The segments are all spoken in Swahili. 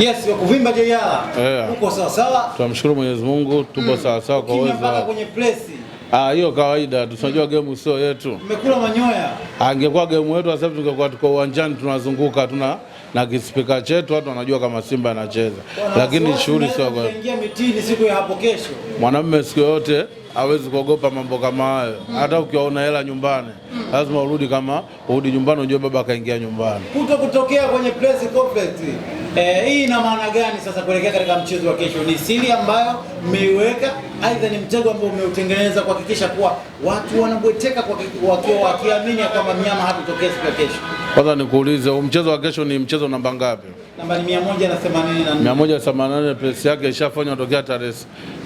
Yes, wakuvimba JR. Yeah. Uko sawa sawa. Tunamshukuru Mwenyezi Mungu tupo mm. sawa sawa kwa uwezo. Kimepaka kwenye place. Ah, hiyo kawaida tunajua mm. game sio yetu. Mmekula manyoya. Angekuwa game yetu sasa tungekuwa tuko uwanjani tunazunguka tuna na kispika chetu watu wanajua kama Simba anacheza. Lakini shughuli sio kwa. Tunaingia mitini siku ya hapo kesho. Mwanamume siku yote hawezi kuogopa mambo kama hayo. mm. Hata ukiwa hela nyumbani, mm. lazima urudi kama urudi nyumbani unajua baba kaingia nyumbani. Kuto kutokea kwenye press conference. Eh, hii ina maana gani sasa kuelekea katika mchezo wa kesho? Ni siri ambayo mmeiweka, aidha ni mtego ambao umeutengeneza kuhakikisha kuwa watu wanabweteka wakiwa wakiamini kwamba mnyama hatutokea siku ya kesho. Kwanza nikuulize, mchezo wa kesho ni mchezo namba ngapi? Namba ni 184. 184 press yake ishafanywa tokea tarehe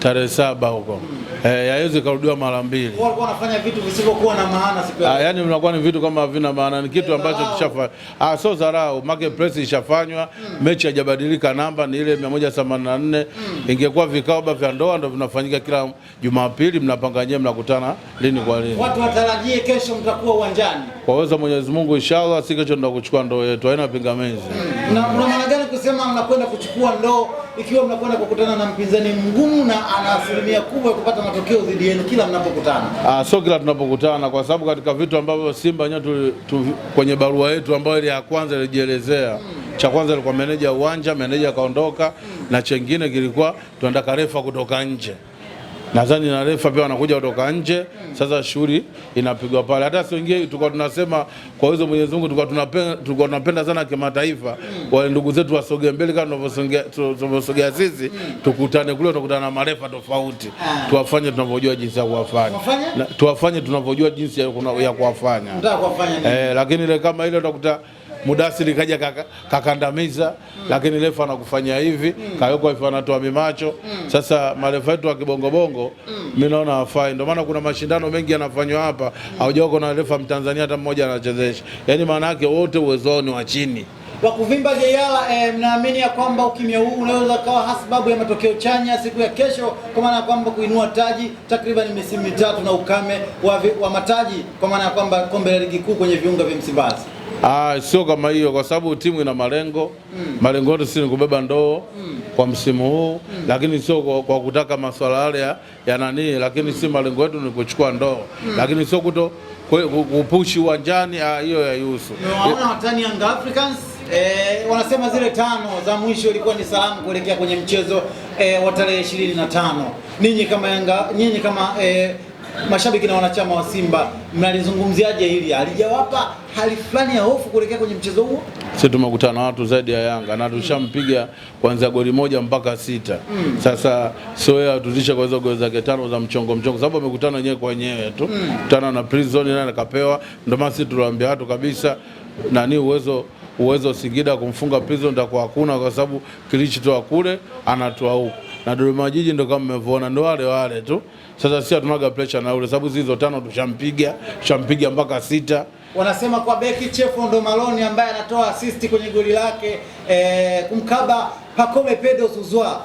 tarehe saba huko eh, yaweze kurudiwa mara mbili. Walikuwa wanafanya vitu visivyokuwa na maana siku ya yaani, mnakuwa ni vitu kama havina maana, ni kitu ambacho kishafa. Ah, sio dharau, market press ishafanywa mm. mechi haijabadilika, namba ni ile 184 mm. ingekuwa vikao vya ndoa ndio vinafanyika kila Jumapili, mnapanga nyewe, mnakutana lini kwa lini. Watu watarajie kesho mtakuwa uwanjani kwa uwezo Mwenyezi Mungu, inshallah si kesho, ndio kuchukua ndoo yetu, haina pingamizi. mm. Mna maana gani kusema mnakwenda kuchukua ndoo ikiwa mnakwenda kukutana na mpinzani mgumu na ana asilimia kubwa ya kupata matokeo dhidi yenu kila mnapokutana? Ah, so kila tunapokutana, kwa sababu katika vitu ambavyo Simba wenyewe kwenye barua yetu ambayo ile ya kwanza ilijielezea hmm. Cha kwanza ilikuwa meneja uwanja, meneja kaondoka, hmm. na chengine kilikuwa tuandaka refa kutoka nje nadhani na refa pia wanakuja kutoka nje. Sasa shughuli inapigwa pale, hata si wengine tulikuwa tunasema kwa uwezo Mwenyezi Mungu, tulikuwa tunapenda sana kimataifa, wale ndugu zetu wasogee mbele kama tunavyosogea sisi, tukutane kule, tukutana na marefa tofauti, ah. tuwafanye tunavyojua jinsi ya kuwafanya, tuwafanye tunavyojua jinsi ya kuwafanya eh, lakini ile kama ile utakuta Mudasiri kaja kakandamiza mm. Lakini refa anakufanya hivi mm. Kayoko anatoa mimacho mm. Sasa marefa wetu wa kibongobongo mm. Mimi naona hawafai, ndio maana kuna mashindano mengi yanafanywa hapa mm. Haujako na refa mtanzania hata mmoja anachezesha, Yani maana yake wote uwezo ni wa chini kwa kuvimba jeyala. Eh, mnaamini ya kwamba ukimya huu unaweza kawa hasababu ya matokeo chanya siku ya kesho, kwa maana ya kwamba kuinua taji takriban misimu mitatu na ukame wa, vi, wa mataji kwa maana ya kwamba kombe la ligi kuu kwenye viunga vya Msimbazi Ah, sio kama hiyo kwa sababu timu ina malengo mm. Malengo yote si ni kubeba ndoo mm. kwa msimu huu mm. Lakini sio kwa, kwa kutaka masuala yale ya, ya nani, lakini mm. si hmm. malengo yetu ni kuchukua ndoo mm. Lakini sio kuto kupushi uwanjani ah, hiyo ya Yusu. Unaona watani Young Africans eh, wanasema zile tano za mwisho ilikuwa ni salamu kuelekea kwenye mchezo eh, wa tarehe 25. Ninyi kama Yanga, ninyi kama eh, mashabiki na wanachama wa Simba, mnalizungumziaje hili? Alijawapa hali fulani ya hofu kuelekea kwenye mchezo huo? Sisi tumekutana na watu zaidi ya Yanga na tulishampiga kwanza goli moja mpaka sita. Mm. Sasa sio atuzisha kwa hizo goli zake tano za mchongo mchongo, sababu amekutana wenyewe kwa wenyewe tu mm. kutana na prison naye akapewa. Ndio maana sisi tuliwaambia watu kabisa nani uwezo uwezo Singida kumfunga prison ndio hakuna, kwa sababu kilichotoa kule anatoa huko na Dodoma Jiji ndo kama mmevyoona, ndo wale wale tu. Sasa sisi hatunaga pressure na ule, sababu zilizo tano tushampiga, tushampiga mpaka sita. Wanasema kwa beki Chefo ndo Maloni ambaye anatoa assist kwenye goli lake e, kumkaba Pacome Pedro Zuzwa.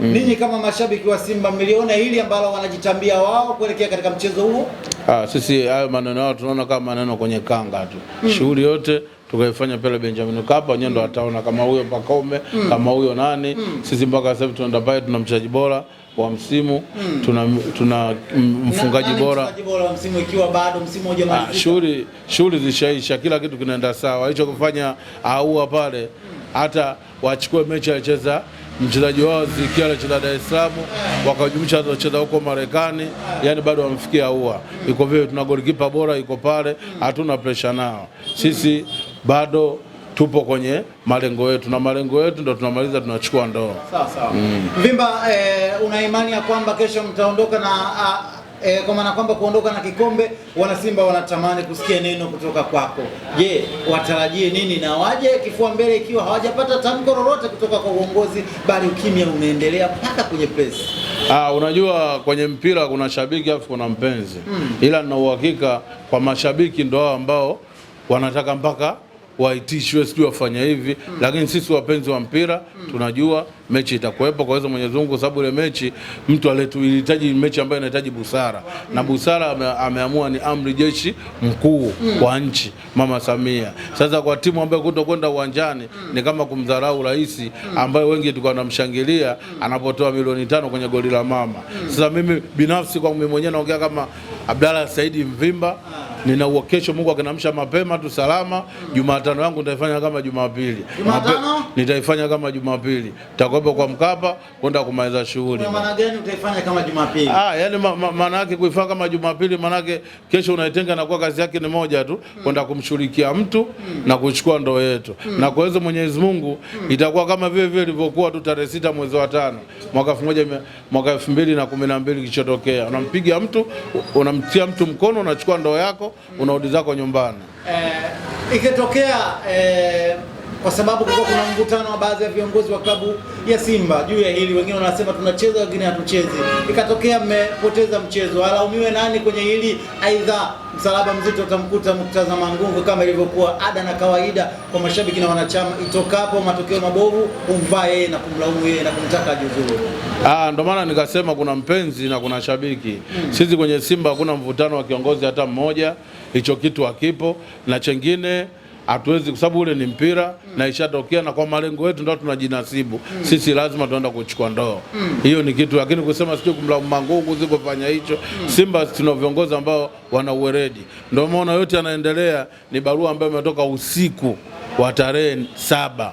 Mm. Ninyi kama mashabiki wa Simba mliona hili ambalo wanajitambia wao kuelekea katika mchezo huo? Ah, sisi hayo maneno yao tunaona kama maneno kwenye kanga tu. Mm. Shughuli yote tukaifanya pale Benjamin Kapa, wenyewe ndo wataona kama huyo Pakome mm. kama huyo nani mm. sisi mpaka sasa tunaenda pale, tuna mchezaji bora wa msimu mm. tuna, tuna mfungaji bora shughuli ah, shughuli zishaisha, kila kitu kinaenda sawa. Hicho kufanya aua pale hata wachukue mechi alicheza mchezaji wao Zikia alicheza Dar es Salaam, wakajumlisha wacheza huko Marekani, yani bado wamfikia aua. Iko vile, tuna golikipa bora iko pale, mm. hatuna presha nao sisi bado tupo kwenye malengo yetu na malengo yetu ndo tunamaliza tunachukua ndoo. Sawa sawa. Mm. Vimba, e, una imani ya kwamba kesho mtaondoka na a, ah, e, eh, kwa maana kwamba kuondoka na kikombe, wanasimba wanatamani kusikia neno kutoka kwako. Je, watarajie nini na waje kifua mbele ikiwa hawajapata tamko lolote kutoka kwa uongozi, bali ukimya unaendelea mpaka kwenye press? Ah, unajua kwenye mpira kuna shabiki afu kuna mpenzi. Mm. Ila nina uhakika kwa mashabiki ndo hao ambao wanataka mpaka waitishwe, sijui wafanya hivi mm. Lakini sisi wapenzi wa mpira mm. tunajua mechi itakuwepo kwa uwezo Mwenyezi Mungu, sababu ile mechi mtu aletu alituhitaji mechi ambayo inahitaji busara mm. na busara ame, ameamua ni amri jeshi mkuu mm. wa nchi Mama Samia. Sasa kwa timu ambayo kutokwenda uwanjani mm. ni kama kumdharau rais mm. ambayo wengi tulikuwa tunamshangilia mm. anapotoa milioni tano kwenye goli la mama mm. Sasa mimi binafsi kwa mimi mwenyewe naongea kama Abdalla Saidi Mvimba nina uo kesho, Mungu akinamsha mapema tu salama Jumatano yangu nitaifanya kama Jumapili, Jumatano nitaifanya kama Jumapili Tako Mkapa kwa Mkapa kwenda kumaliza shughuli. Kwa maana gani utaifanya kama Jumapili? Ah, yani maana ma, yake kuifanya kama Jumapili maana yake kesho unaitenga na kuwa kazi yake ni moja tu hmm. kwenda kumshughulikia mtu hmm. na kuchukua ndoo yetu hmm. na kuweza Mwenyezi Mungu hmm. itakuwa kama vile vile ilivyokuwa tu tarehe sita mwezi wa tano mwaka 1000 mwaka 2012 kilichotokea. Unampiga mtu, unamtia mtu mkono, unachukua ndoa yako, hmm. unarudi zako nyumbani. Eh, ikitokea eh kwa sababu kulikuwa kuna mvutano wa baadhi ya viongozi wa klabu ya Simba juu ya hili. Wengine wanasema tunacheza, wengine hatuchezi, ikatokea mmepoteza mchezo. Alaumiwe nani kwenye hili? Aidha, msalaba mzito utamkuta Murtaza Mangungu, kama ilivyokuwa ada na kawaida kwa mashabiki na wanachama. Itokapo matokeo mabovu humvaa yeye na kumlaumu yeye na kumtaka ajiuzuru. Ah, ndo maana nikasema kuna mpenzi na kuna shabiki hmm. Sisi kwenye Simba hakuna mvutano wa kiongozi hata mmoja, hicho kitu hakipo, na chengine hatuwezi kwa sababu ule ni mpira mm. na ishatokea, na kwa malengo yetu ndio tunajinasibu mm. sisi lazima tuenda kuchukua ndoo hiyo mm. ni kitu, lakini kusema sio kumlaumu Mangungu zikufanya hicho mm. Simba tuna viongozi ambao wana uweredi, ndio maana yote yanaendelea. Ni barua ambayo imetoka usiku wa tarehe saba,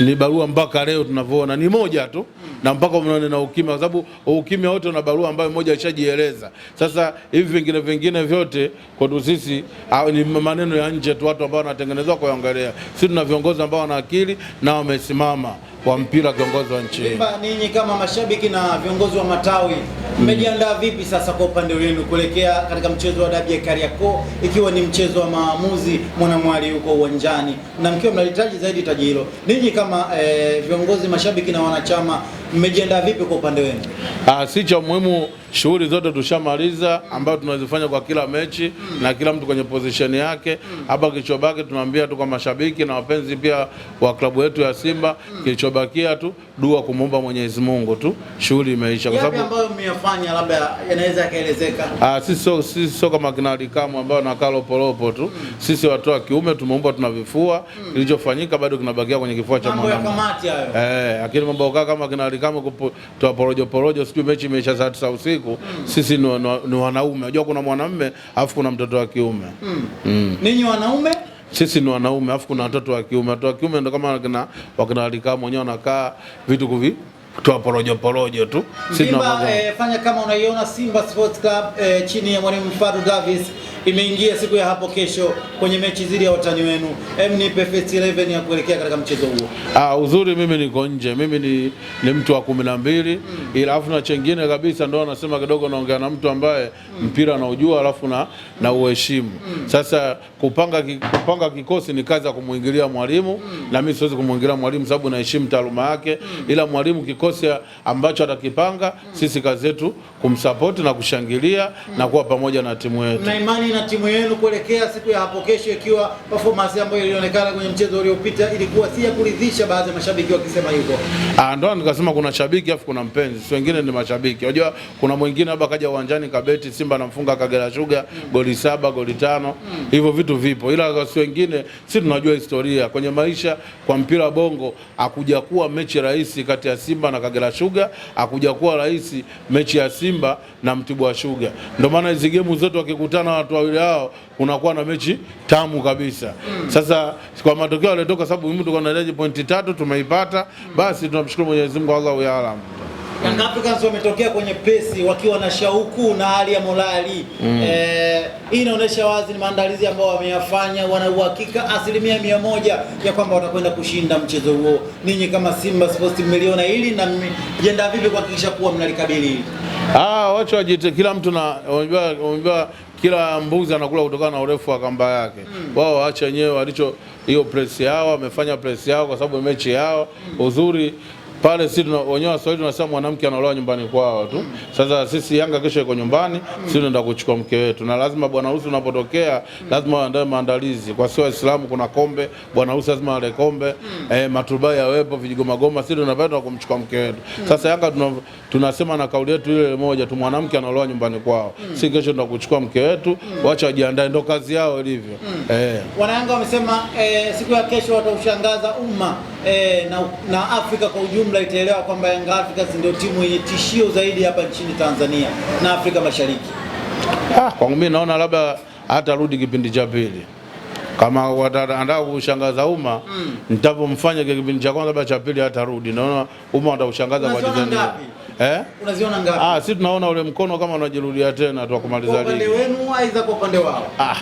ni barua mpaka leo tunavyoona ni moja tu na mpaka mnaone na ukimya, kwa sababu ukimya wote una barua ambayo mmoja alishajieleza. Sasa hivi vingine vingine vyote kwetu sisi ni maneno ya nje tu, watu ambao wanatengenezwa kuongelea Sisi tuna viongozi ambao wana akili na wamesimama wa mpira viongozi wa nchi. Ninyi kama mashabiki na viongozi wa matawi mmejiandaa mm. vipi sasa kwa upande wenu kuelekea katika mchezo wa dabi ya Kariakoo, ikiwa ni mchezo wa maamuzi mwanamwali huko uwanjani na mkiwa mnalitaji zaidi taji hilo, ninyi kama e, viongozi mashabiki na wanachama mmejiandaa vipi kwa upande wenu? Ah, si cha muhimu, shughuli zote tushamaliza ambayo tunazifanya kwa kila mechi mm. na kila mtu kwenye position yake hmm. hapa mm. kichobaki tunaambia tu kwa mashabiki na wapenzi pia wa klabu yetu ya Simba mm. kicho Kilichobakia tu dua kumwomba Mwenyezi Mungu tu, shughuli imeisha. Kwa sababu ambayo mmeyafanya labda yanaweza kaelezeka. Ah, sisi so, sisi sio kama kina Alikamu ambao na kalo polopo tu mm. Sisi watu wa kiume tumeomba tunavifua mm. Kilichofanyika bado kinabakia kwenye kifua cha mwanamke. Mambo ya kamati hayo. Eh, lakini mambo kaka kama kina Alikamu tuwaporojo porojo, porojo, sijui mechi imeisha saa tisa usiku mm. Sisi ni, ni, ni wanaume, unajua kuna mwanamume afu kuna mtoto wa kiume mm. mm. Ninyi wanaume sisi ni wanaume, afu kuna watoto wa kiume. Watoto wa kiume ndo kama wakina wakina alikaa mwenyewe wanakaa vitu kuvi toa porojo porojo tu. Simba, eh, fanya kama unaiona Simba Sports Club eh, chini ya mwalimu Fadu Davis imeingia siku ya hapo kesho kwenye mechi dhidi ya watani wenu. Em, nipe first 11 ya kuelekea katika mchezo huo. Ah, uzuri mimi niko nje, mimi ni, ni mtu wa kumi na mbili mm. ila afu na chengine kabisa ndo anasema kidogo naongea na mtu ambaye mm. mpira anaujua alafu na, na uheshimu mm. Sasa kupanga, kupanga kikosi ni kazi ya kumuingilia mwalimu mm. na mimi siwezi kumuingilia mwalimu sababu naheshimu taaluma yake mm. ila mwalimu kikosi ambacho atakipanga mm. sisi kazi yetu kumsapoti na kushangilia mm. na kuwa pamoja na timu yetu na imani na timu yenu kuelekea siku ya hapo kesho, ikiwa performance ambayo ilionekana kwenye mchezo uliopita ilikuwa si ya kuridhisha, baadhi ya mashabiki wakisema hivyo. Ah, ndio nikasema kuna shabiki afu kuna mpenzi, si wengine ni mashabiki. Unajua kuna mwingine labda kaja uwanjani kabeti Simba anamfunga Kagera Sugar mm. goli saba goli tano mm. hivyo vitu vipo, ila si wengine, si tunajua historia kwenye maisha. Kwa mpira bongo hakuja kuwa mechi rahisi kati ya Simba na Kagera Sugar, hakuja kuwa rahisi mechi ya Simba na Mtibwa Sugar. Ndio maana hizo game zote wakikutana watu wawili hao unakuwa na mechi tamu kabisa. Sasa kwa matokeo yaliotoka, sababu mimi tulikuwa tunahitaji pointi tatu tumeipata, basi tunamshukuru Mwenyezi Mungu Allahu yaalam. Yanga Africans wametokea kwenye pesi wakiwa na shauku na hali ya morali mm. Eh, hii inaonyesha wazi ni maandalizi ambayo wameyafanya, wana uhakika asilimia mia moja ya kwamba watakwenda kushinda mchezo huo. Ninyi kama Simba Sports mmeliona hili na mmejiandaa vipi kuhakikisha kuwa mnalikabili hili? Ah, wacha wajite, kila mtu na unajua kila mbuzi anakula kutokana na urefu wa kamba yake. Mm. Wao waache wenyewe walicho hiyo press yao, wamefanya press yao kwa sababu mechi yao. Mm. Uzuri pale sisi wenyewe Waswahili tunasema mwanamke anaolewa nyumbani kwao tu. Sasa sisi Yanga kesho iko nyumbani, sisi tunaenda kuchukua mke wetu, na lazima bwana harusi unapotokea lazima waandae maandalizi. Kwa sio Waislamu kuna kombe, bwana harusi lazima ale kombe, hmm. eh, matubai yawepo, vijigoma goma, sisi tunapenda kumchukua mke wetu. Hmm. Sasa Yanga tunasema na kauli yetu ile moja tu, mwanamke anaolewa nyumbani kwao. Hmm. Sisi kesho tunaenda kuchukua mke wetu, wacha wajiandae, ndo kazi yao ilivyo. Eh, Wanayanga wamesema eh, siku ya kesho wataushangaza umma e, na, na Afrika kwa ujumla itaelewa kwamba Yanga Africans ndio timu yenye tishio zaidi hapa nchini Tanzania na Afrika Mashariki. Ah, kwangu mimi naona labda hatarudi kipindi cha pili kama wataandaa kushangaza umma mm. Nitavomfanya kipindi cha kwanza labda cha pili hatarudi, naona umma wataushangaza kwa jinsi Eh? Unaziona ngapi? Ah, sisi tunaona ule mkono kama unajirudia tena tu kumaliza ligi. Kwa upande wenu aidha kwa upande wao. Ah.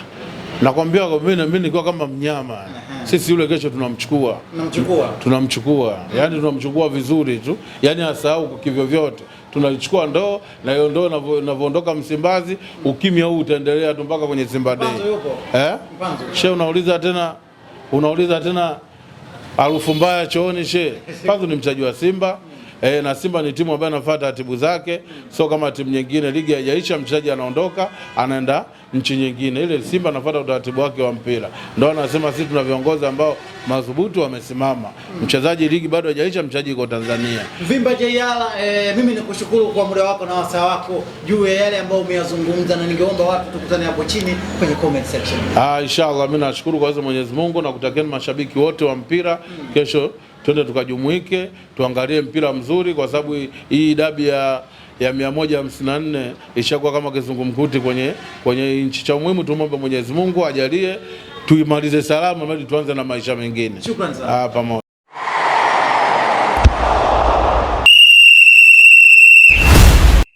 Nakwambia mimi mimi nilikuwa kama mnyama. sisi yule kesho tunamchukua tunamchukua tunamchukua yani tunamchukua vizuri tu yani asahau kivyovyote tunachukua ndoo na hiyo ndoo inavyoondoka Msimbazi ukimya huu utaendelea tu mpaka kwenye Simba Day eh? she unauliza tena unauliza tena harufu mbaya chooni she panzu ni mchaji wa Simba E, na Simba ni timu ambayo inafuata taratibu zake, so kama timu nyingine ligi haijaisha mchezaji anaondoka anaenda nchi nyingine. Ile Simba anafuata utaratibu wake wa mpira, ndio anasema sisi tuna viongozi ambao madhubuti wamesimama. Mchezaji ligi bado haijaisha, mchezaji yuko Tanzania. Vimba Jayala, e, mimi nikushukuru kwa muda wako na wasaa wako juu ya yale ambayo umeyazungumza, na ningeomba watu tukutane hapo chini kwenye comment section. Ah, inshallah mimi nashukuru kwa hizo Mwenyezi Mungu na kutakieni mashabiki wote wa mpira kesho twende tukajumuike, tuangalie mpira mzuri, kwa sababu hii dabi ya ya 154 ishakuwa kama kizungumkuti kwenye kwenye nchi. Cha muhimu tumwombe Mwenyezi Mungu ajalie tuimalize salama, ili tuanze na maisha mengine pamoja.